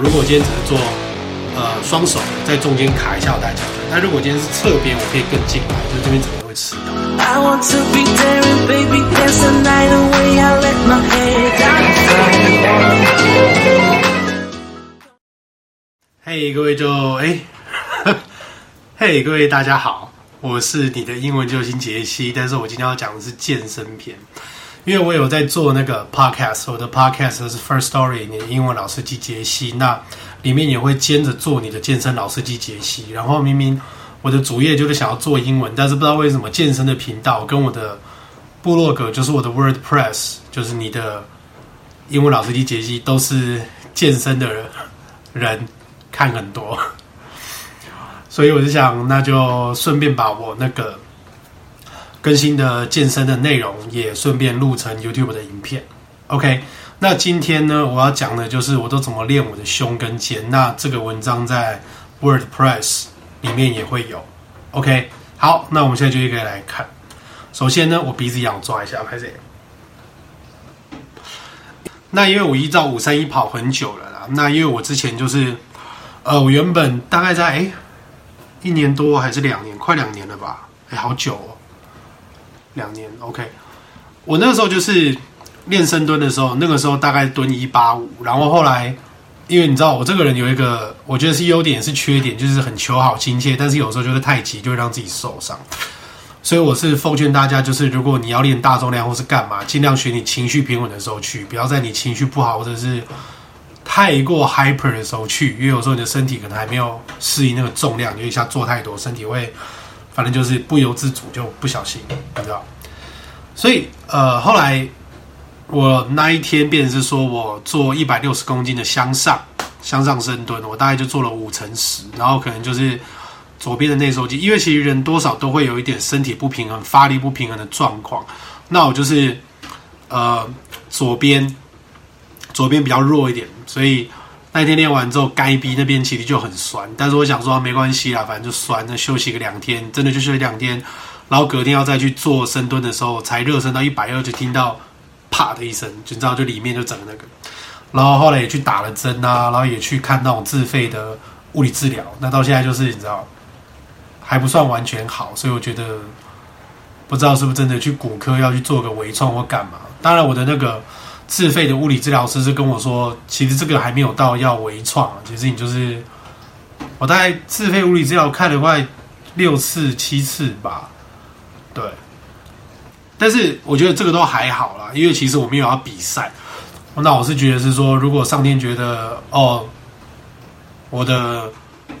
如果我今天只是做，呃，雙手在中間卡一下，我帶起來。那如果我今天是側邊，我可以更近來，就這邊可能會吃到。Hey 各位就哎、欸、 ，Hey 各位大家好，我是你的英文救星杰西，但是我今天要講的是健身篇。因為我有在做那個 podcast，我的 podcast 是 Firstory，你的英文老師機傑西。那裡面也會兼着做你的健身老師機傑西。然後明明我的主業就是想要做英文，但是不知道為什麼健身的頻道跟我的部落格，就是我的 WordPress，就是你的英文老師機傑西，都是健身的人，人看很多。所以我就想，那就順便把我那個，更新的健身的內容也順便錄成 YouTube 的影片。OK，那今天呢，我要講的就是我都怎麼練我的胸跟肩。那這個文章在 WordPress 裡面也會有。OK，好，那我們現在就可以來看。首先呢，我鼻子癢抓一下，拍謝。那因為我一到五三一跑很久了啦。那因為我之前就是，呃，我原本大概在哎、欸、一年多還是兩年，快兩年了吧？哎、欸，好久哦、喔。兩年，OK。我那個時候就是練深蹲的時候，那個時候大概蹲一八五。然後後來，因為你知道我這個人有一個，我覺得是優點是缺點，就是很求好心切，但是有時候就是太急，就會讓自己受傷。所以我是奉勸大家，就是如果你要練大重量或是幹嘛，盡量選你情緒平穩的時候去，不要在你情緒不好或者是太過 hyper 的時候去，因為有時候你的身體可能還沒有適應那個重量，就一下做太多，身體會。反正就是不由自主就不小心，你知道，所以呃後來我那一天，變成是說我做一百六十公斤的向上向上深蹲，我大概就做了五乘十，然後可能就是左邊的內收肌，因為其實人多少都會有一點身體不平衡、發力不平衡的狀況，那我就是呃左邊左邊比較弱一點，所以。那一天練完之後，該逼那邊其實就很酸，但是我想說，啊，沒關係啦，反正就酸了，那休息個兩天，真的就休息兩天。然後隔天要再去做深蹲的時候，才熱身到一百二，就聽到啪的一聲，你知道，就裡面就整個那個。然後後來也去打了針啊，然後也去看那種自費的物理治療。那到現在就是你知道，還不算完全好，所以我覺得不知道是不是真的去骨科要去做個微創或幹嘛。當然我的那個。自費的物理治療師是跟我說，其實這個還沒有到要微創，其實你就是，我大概自費物理治療看了快六次七次吧，對。但是我覺得這個都還好啦，因為其實我沒有要比賽。那我是覺得是說，如果上天覺得哦，我的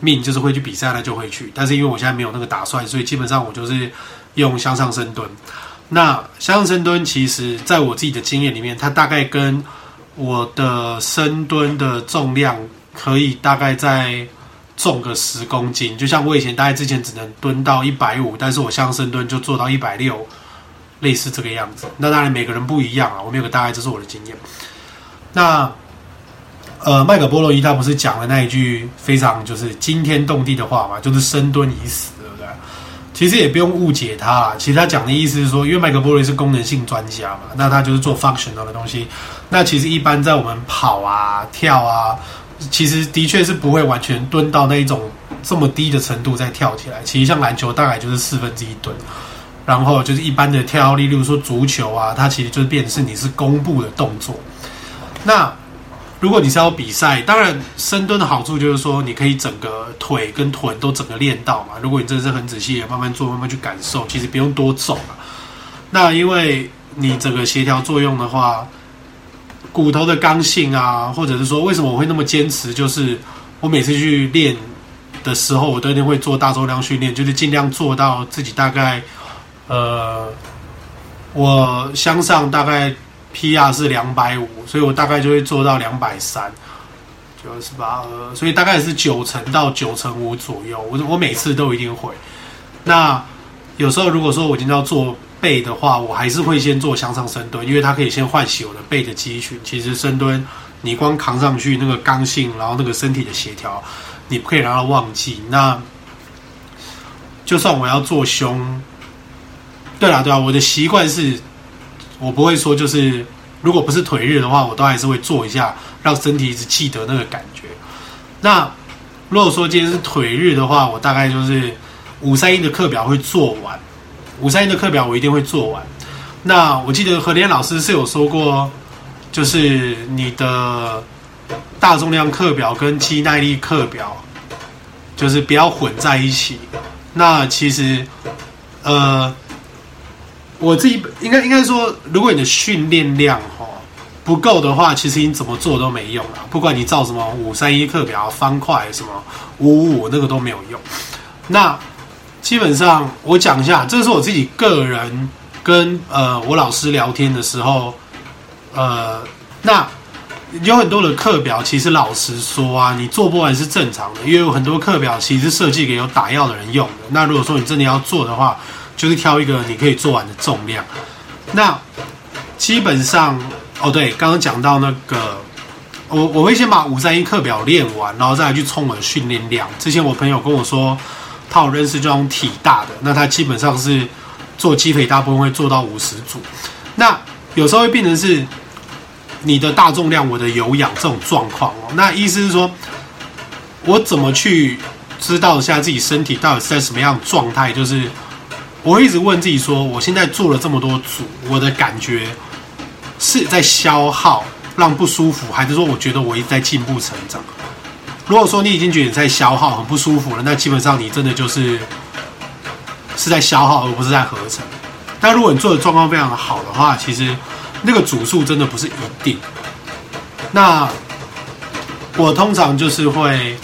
命就是會去比賽，那就會去。但是因為我現在沒有那個打算，所以基本上我就是用向上深蹲。那箱上蹲其實在我自己的經驗裡面，它大概跟我的深蹲的重量可以大概再重個十公斤。就像我以前大概之前只能蹲到一百五，但是我箱上蹲就做到一百六，類似這個樣子。那當然每個人不一樣啊，我們有個大概，這是我的經驗。那呃，麥克波羅伊他不是講了那一句非常就是驚天動地的話嘛，就是深蹲已死。其實也不用誤解他，其實他講的意思是說，因為麥克波瑞是功能性專家嘛，那他就是做 function 的東西。那其實一般在我們跑啊、跳啊，其實的確是不會完全蹲到那一種這麼低的程度再跳起來。其實像籃球大概就是四分之一蹲，然後就是一般的跳力，例如說足球啊，它其實就變成是你是弓步的動作。那如果你是要比賽，當然深蹲的好處就是說，你可以整個腿跟臀都整個練到嘛。如果你真的是很仔細，也慢慢做，慢慢去感受，其實不用多走了。那因為你整個協調作用的話，骨頭的剛性啊，或者是說，為什麼我會那麼堅持？就是我每次去練的時候，我都一定會做大重量訓練，就是盡量做到自己大概，呃，我向上大概。P R 是兩百五，所以我大概就會做到兩百三，九十八所以大概是九成到九成五左右。我我每次都一定會。那有時候如果說我今天要做背的話，我還是會先做向上深蹲，因為它可以先喚醒我的背的肌群。其實深蹲你光扛上去那個剛性，然後那個身體的協調，你不可以讓它忘記。那就算我要做胸，對啊對啊，我的習慣是。我不會說，就是如果不是腿日的話，我都還是會做一下，讓身體一直記得那個感覺。那如果說今天是腿日的話，我大概就是五三一的課表會做完，五三一的課表我一定會做完。那我記得何蓮老師是有說過，就是你的大重量課表跟肌耐力課表，就是不要混在一起。那其實，呃。我自己應該應該說，如果你的訓練量哈不夠的話，其實你怎麼做都沒用啊，不管你照什麼五三一課表、方塊什麼五五五，5，那個都沒有用。那基本上我講一下，這是我自己個人跟呃我老師聊天的時候，呃，那有很多的課表，其實老實說啊，你做不完是正常的，因為有很多課表其實是設計給有打藥的人用的。那如果說你真的要做的話，就是挑一個你可以做完的重量。那基本上，哦對，剛剛講到那個，我我會先把五三一課表練完，然後再來去衝我的訓練量。之前我朋友跟我說，他有認識這種體大的，那他基本上是做肌肥，大部分會做到五十組。那有時候會變成是你的大重量，我的有氧這種狀況哦。那意思是說，我怎麼去知道一下自己身體到底是在什麼樣的狀態？就是。我一直問自己說，我現在做了這麼多組，我的感覺是在消耗，讓不舒服，還是說我覺得我一直在進步成長？如果說你已經覺得你在消耗很不舒服了，那基本上你真的就是是在消耗，而不是在合成。但如果你做的狀況非常好的話，其實那個組數真的不是一定。那我通常就是會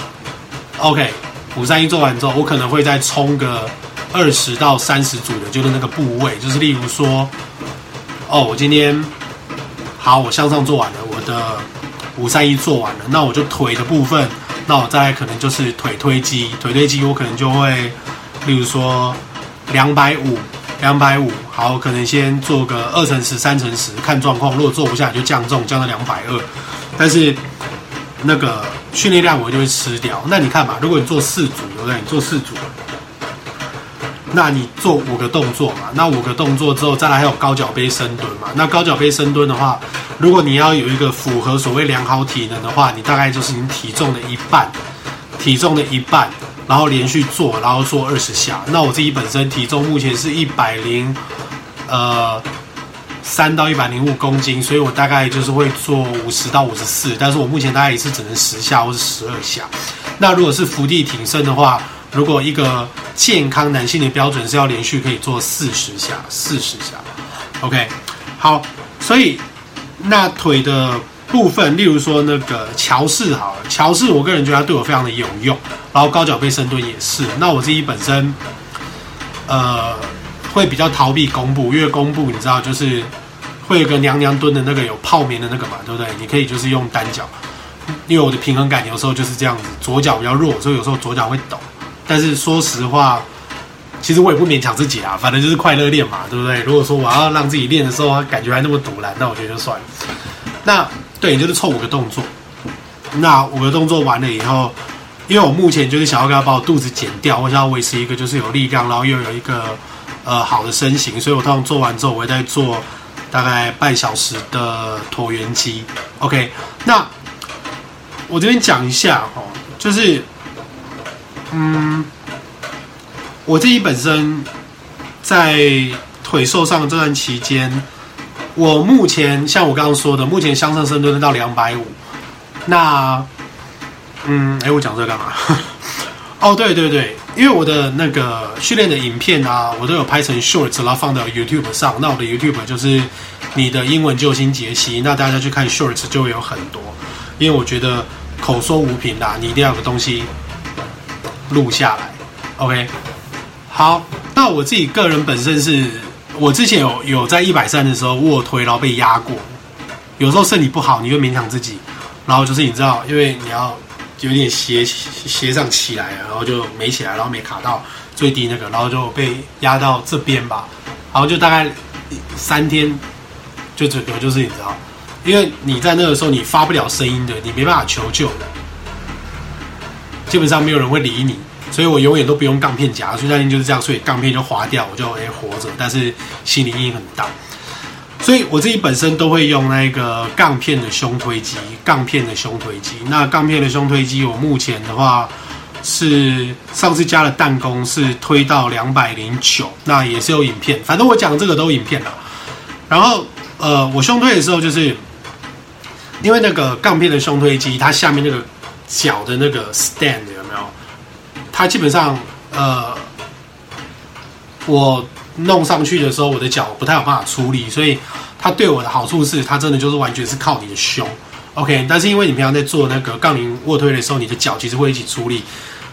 OK 五三一做完之後，我可能會再衝個。二十到三十組的就是那個部位，就是例如說，哦，我今天好，我向上做完了，我的五三一做完了，那我就腿的部分，那我再可能就是腿推肌。腿推肌我可能就會，例如說，兩百五，兩百五，好，我可能先做個二乘十、三乘十，看狀況，如果做不下就降重，降到兩百二，但是那個訓練量我就會吃掉。那你看嘛，如果你做四組，對不對？你做四組。那你做五個動作嘛，那五個動作之後，再來還有高腳杯深蹲嘛。那高腳杯深蹲的話，如果你要有一個符合所謂良好體能的話，你大概就是你體重的一半，體重的一半，然後連續做，然後做二十下。那我自己本身體重目前是一百零，呃，三到一百零五公斤，所以我大概就是會做五十到五十四，54, 但是我目前大概也是只能十下或是十二下。那如果是伏地挺身的話。如果一個健康男性的標準是要連續可以做四十下，四十下，OK，好，所以那腿的部分，例如說那個橋式，好了，橋式，我個人覺得它對我非常的有用，然後高腳杯深蹲也是。那我自己本身，呃，會比較逃避弓步，因為弓步你知道，就是會有個娘娘蹲的那個有泡棉的那個嘛，對不對？你可以就是用單腳，因為我的平衡感有時候就是這樣子，左腳比較弱，所以有時候左腳會抖。但是說實話，其實我也不勉強自己啊，反正就是快樂練嘛，對不對？如果說我要讓自己練的時候，感覺還那麼堵了，那我覺得就算了。那對你就是湊五個動作，那五個動作完了以後，因為我目前就是想要給他把我肚子減掉，我想要維持一個就是有力量，然後又有一個呃好的身形，所以我通常做完之後，我會再做大概半小時的橢圓機。OK，那我這邊講一下哦，就是。嗯，我自己本身在腿受傷這段期間，我目前像我剛剛說的，目前向上深蹲能到兩百五。那，嗯，哎，我講這個幹嘛？ 哦，對對對，因為我的那個訓練的影片啊，我都有拍成 shorts，然後放到 YouTube 上。那我的 YouTube 就是你的英文救星杰西，那大家去看 shorts 就有很多。因為我覺得口說無憑啦，你一定要有個東西。錄下來，OK。好，那我自己個人本身是，我之前有有在一百三的時候臥推，然後被壓過。有時候身體不好，你會勉強自己，然後就是你知道，因為你要有點斜斜上起來，然後就沒起來，然後沒卡到最低那個，然後就被壓到這邊吧。然後就大概三天，就這個就是你知道，因為你在那個時候你發不了聲音的，你沒辦法求救的。基本上沒有人會理你，所以我永遠都不用槓片夾，所以那天就是這樣，所以槓片就滑掉，我就哎、欸、活着，但是心理陰影很大。所以我自己本身都會用那個槓片的胸推機，槓片的胸推機。那槓片的胸推機，推我目前的話是上次加了彈弓，是推到兩百零九，那也是有影片，反正我講這個都有影片的。然後呃，我胸推的時候，就是因為那個槓片的胸推機，它下面那個。腳的那個 stand 有沒有？它基本上，呃，我弄上去的時候，我的腳不太有辦法出力，所以它對我的好處是，它真的就是完全是靠你的胸。OK，但是因為你平常在做那個槓鈴臥推的時候，你的腳其實會一起出力。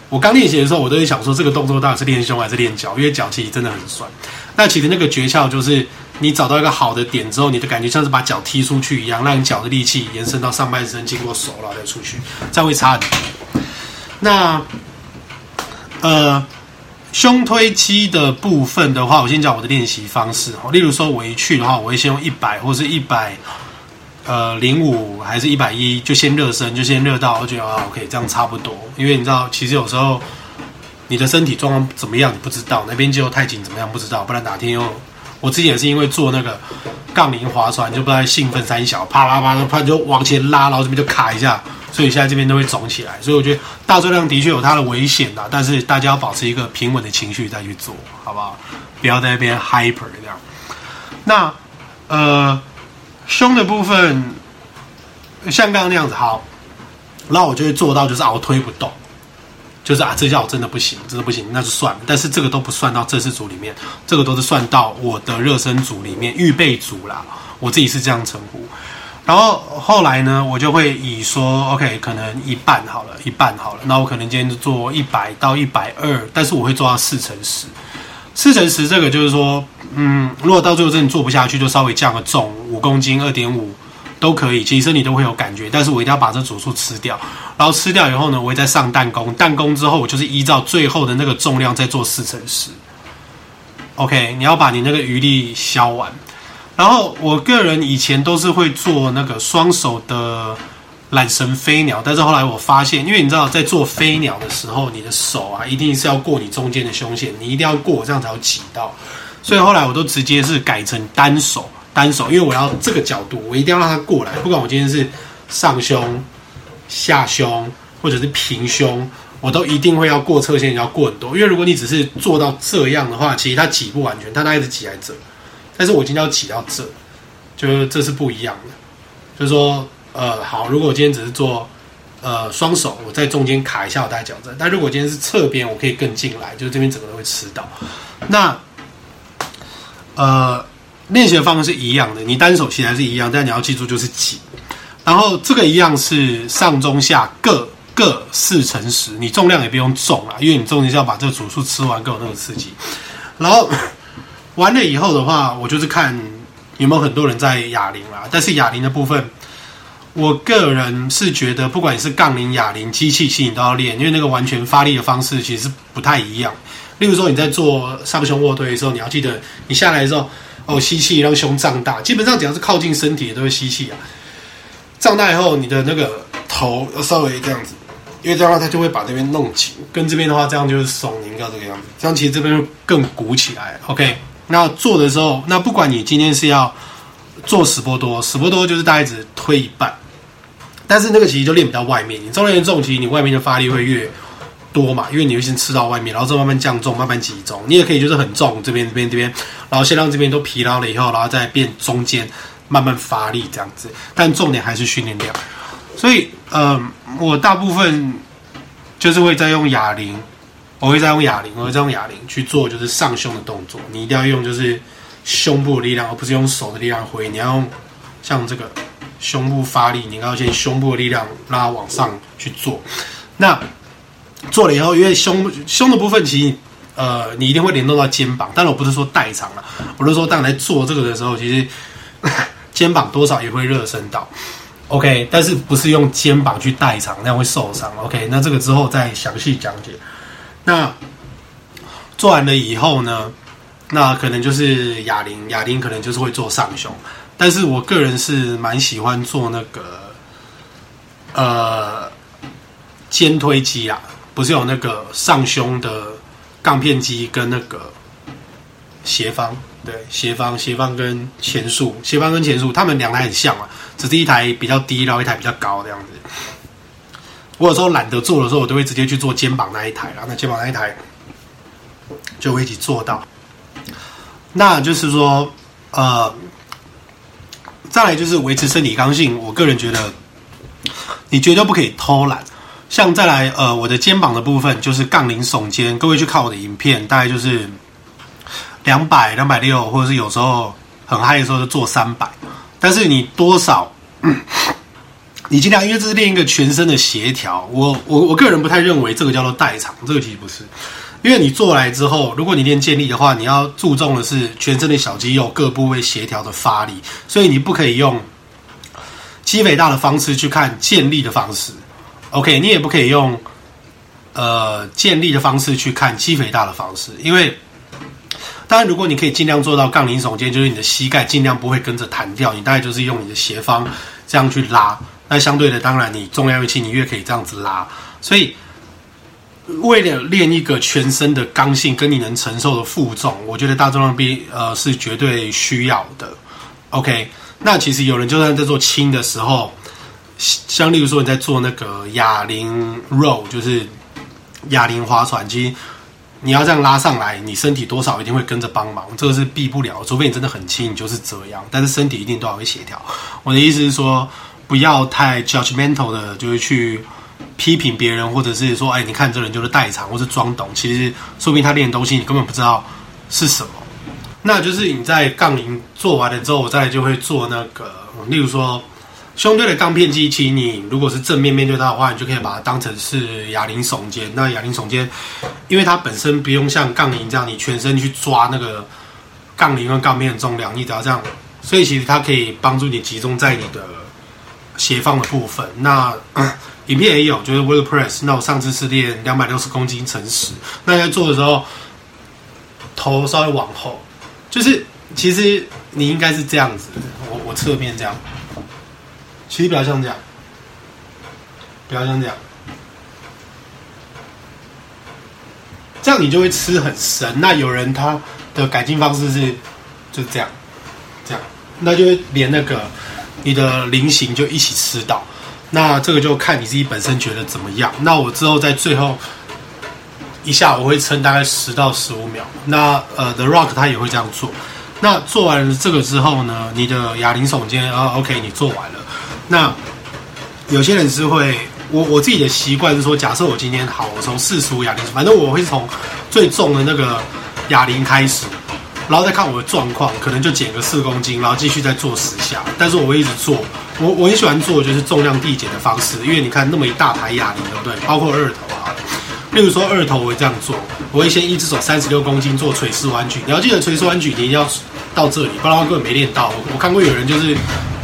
我剛練習的時候，我都會想說這個動作到底是練胸還是練腳，因為腳其實真的很酸。那其實那個訣竅就是，你找到一個好的點之後，你的感覺像是把腳踢出去一樣，讓你腳的力氣延伸到上半身，經過手然後再出去，這樣會差很多。那呃，胸推肌的部分的話，我先講我的練習方式哦。例如說，我一去的話，我會先用一百或是一百呃零五，還是一百一，就先熱身，就先熱到我覺得啊，OK，這樣差不多。因為你知道，其實有時候你的身體狀況怎麼樣，你不知道，哪邊肌肉太緊怎麼樣，不知道，不然哪天又。我自己也是因為做那個槓鈴划船，就不太興奮，三小，啪啦啪啦啪啦啪，就往前拉，然後這邊就卡一下，所以現在這邊都會腫起來。所以我覺得大重量的確有它的危險啊，但是大家要保持一個平穩的情緒再去做好不好？不要在那邊 hyper 這樣。那呃，胸的部分像剛剛那樣子好，然後我就會做到，就是我推不動。就是啊，這下我真的不行，真的不行，那就算了。但是這個都不算到正式組裡面，這個都是算到我的熱身組裡面、預備組啦。我自己是這樣稱呼。然後後來呢，我就會以說，OK，可能一半好了，一半好了。那我可能今天就做一百到一百二，但是我會做到四乘十。四乘十這個就是說，嗯，如果到最後真的做不下去，就稍微降個重，五公斤，二點五。都可以，其實你都會有感覺，但是我一定要把這組數吃掉，然後吃掉以後呢，我會再上彈弓，彈弓之後我就是依照最後的那個重量再做四乘十。OK，你要把你那個餘力消完，然後我個人以前都是會做那個雙手的纜繩飛鳥，但是後來我發現，因為你知道在做飛鳥的時候，你的手啊一定是要過你中間的胸線，你一定要過這樣才有擠到，所以後來我都直接是改成單手。單手，因為我要這個角度，我一定要讓它過來。不管我今天是上胸、下胸，或者是平胸，我都一定會要過側線，要過很多。因為如果你只是做到這樣的話，其實它擠不完全，但它一直擠來這。但是我今天要擠到這，就是、這是不一樣的。就是說，呃，好，如果我今天只是做，呃，雙手，我在中間卡一下，我帶矯正。但如果我今天是側邊，我可以更進來，就是這邊整個都會吃到。那，呃。練習的方式是一樣的，你單手其實還是一樣，但你要記住就是擠。然後這個一樣是上中下各各四乘十，你重量也不用重啊，因為你重點是要把這個組數吃完更有那個刺激。然後完了以後的話，我就是看有沒有很多人在啞鈴啦。但是啞鈴的部分，我個人是覺得不管你是槓鈴、啞鈴、機器器你都要練，因為那個完全發力的方式其實不太一樣。例如說你在做上胸臥推的時候，你要記得你下來的時候。哦，吸氣讓胸脹大，基本上只要是靠近身體都會吸氣啊。脹大以後，你的那個頭要稍微這樣子，因為這樣它就會把這邊弄緊，跟這邊的話這樣就是鬆，擰到這個樣子。這樣其實這邊就更鼓起來。OK，那做的時候，那不管你今天是要做死波多，死波多就是大概只推一半，但是那個其實就練不到外面。你重量越重，其實你外面的發力會越多嘛，因為你會先吃到外面，然後再慢慢降重，慢慢集中。你也可以就是很重，這邊這邊這邊。這邊然後先讓這邊都疲勞了以後，然後再變中間慢慢發力這樣子。但重點還是訓練量。所以，嗯、呃，我大部分就是會在用啞鈴，我會在用啞鈴，我會在用啞鈴去做就是上胸的動作。你一定要用就是胸部的力量，而不是用手的力量揮。你要用像這個胸部發力，你要先胸部的力量拉往上去做。那做了以後，因為胸胸的部分其實。呃，你一定會聯動到肩膀，但是我不是說代償了，我是說，當你來做這個的時候，其實肩膀多少也會熱身到，OK，但是不是用肩膀去代償，那樣會受傷，OK，那這個之後再詳細講解。那做完了以後呢，那可能就是啞鈴，啞鈴可能就是會做上胸，但是我個人是蠻喜歡做那個呃肩推機啦，不是有那個上胸的。槓片機跟那個斜方，對，斜方斜方跟前束，斜方跟前束，他們兩台很像啊，只是一台比較低，然後一台比較高這樣子。我有時候懶得做的時候，我都會直接去做肩膀那一台，然後那肩膀那一台就會一起做到。那就是說，呃，再來就是維持身體剛性，我個人覺得你絕對不可以偷懶。像再來呃，我的肩膀的部分就是槓鈴聳肩，各位去看我的影片，大概就是兩百、兩百六，或者是有時候很嗨的時候就做三百。但是你多少，嗯、你儘量，因為這是練一個全身的協調。我我我個人不太認為這個叫做代償，這個其實不是，因為你做來之後，如果你練健力的話，你要注重的是全身的小肌肉各部位協調的發力，所以你不可以用肌肥大的方式去看健力的方式。OK，你也不可以用，呃，健力的方式去看肌肥大的方式，因為，當然，如果你可以盡量做到槓鈴聳肩，就是你的膝蓋盡量不會跟着彈掉，你大概就是用你的斜方這樣去拉。那相對的，當然你重量越輕，你越可以這樣子拉。所以，為了練一個全身的剛性跟你能承受的負重，我覺得大重量臂呃是絕對需要的。OK，那其實有人就算在做輕的時候。像例如說你在做那個啞鈴 row，就是啞鈴划船，其實你要這樣拉上來，你身體多少一定會跟着幫忙，這個是避不了，除非你真的很輕，你就是這樣，但是身體一定多少會協調。我的意思是說，不要太 judgmental 的，就會去批評別人，或者是說，哎，你看這人就是代償，或是裝懂，其實說不定他練的東西你根本不知道是什麼。那就是你在槓鈴做完了之後，我再就會做那個，例如說。胸對的槓片機器，你如果是正面面對它的話，你就可以把它當成是啞鈴聳肩。那啞鈴聳肩，因為它本身不用像槓鈴這樣，你全身去抓那個槓鈴跟槓片的重量，你只要這樣，所以其實它可以幫助你集中在你的斜方的部分。那、嗯、影片也有，就是 Will Press。那我上次是練兩百六十公斤乘十。那在做的時候，頭稍微往後，就是其實你應該是這樣子，我我側面這樣。其實比較像這樣，比較像這樣，這樣你就會吃很深。那有人他的改進方式是就這樣，這樣，那就會連那個、嗯、你的菱形就一起吃到。那這個就看你自己本身覺得怎麼樣。那我之後在最後一下我會撐大概十到十五秒。那呃，The Rock 他也會這樣做。那做完了這個之後呢，你的啞鈴聳肩啊，OK，你做完了。那有些人是會，我我自己的習慣是說，假設我今天好，我從四十五啞鈴，反正我會從最重的那個啞鈴開始，然後再看我的狀況，可能就減個四公斤，然後繼續再做十下。但是我會一直做，我我很喜歡做就是重量遞減的方式，因為你看那麼一大排啞鈴，對不對？包括二頭啊，例如說二頭，我會這樣做，我會先一隻手三十六公斤做垂式彎舉，你要記得垂式彎舉你一定要到這裡，不然我根本沒練到。我我看過有人就是。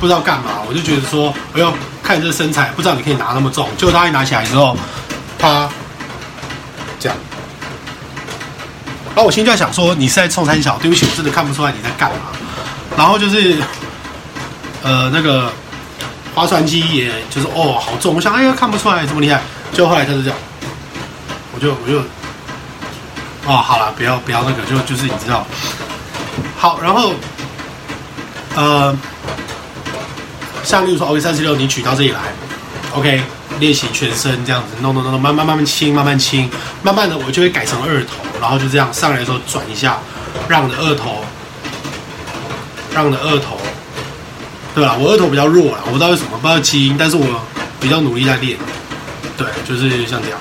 不知道幹嘛，我就覺得說，不、哎，要看你這身材，不知道你可以拿那麼重。結果他一拿起來之後，啪，這樣。然後、啊，我心裡就在想說，你是在衝三小？對不起，我真的看不出來你在幹嘛。然後就是，呃，那個划船機，也就是哦，好重。我想，哎呀，看不出來這麼厲害。就後來他是這樣，我就我就，哦，好了，不要不要那個，就就是你知道。好，然後，呃。像例如說，O.K. 三十六，你舉到這裡來，O.K. 練習全身這樣子，弄弄弄弄，慢慢慢慢輕，慢慢輕，慢慢的我就會改成二頭，然後就這樣上來的時候轉一下，讓的二頭，讓的二頭，對吧？我二頭比較弱了，我不知道為什麼，不知道基因，但是我比較努力在練，對，就是像這樣，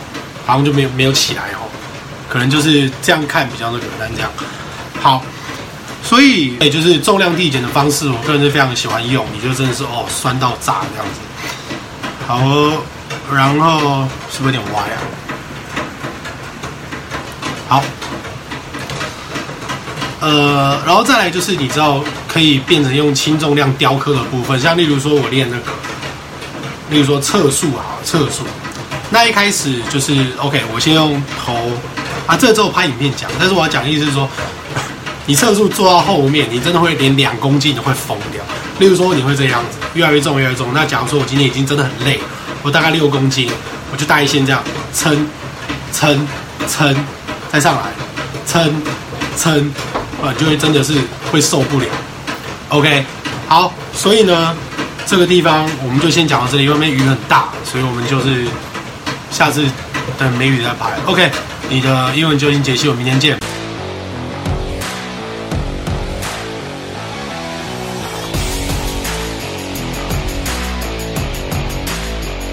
好像就沒有沒有起來哦，可能就是這樣看比較的簡單，這樣。好。所以，也就是重量遞減的方式，我個人是非常喜歡用。你就真的是哦，酸到炸這樣子。好，然後是不是有點歪啊？好，呃，然後再來就是，你知道可以變成用輕重量雕刻的部分，像例如說我練那個，例如說測速啊，測速那一開始就是 OK，我先用頭啊，這之後拍影片講，但是我要講的意思是說。你測速做到後面，你真的會連兩公斤都會瘋掉。例如說，你會這樣子越來越重，越來越重。那假如說我今天已經真的很累，我大概六公斤，我就大概先這樣撐，撐，撐，再上來，撐，撐，呃、啊，就會真的是會受不了。OK，好，所以呢，這個地方我們就先講到這裡，因為雨很大，所以我們就是下次等沒雨再拍。OK，你的健身老師機傑西，我明天見。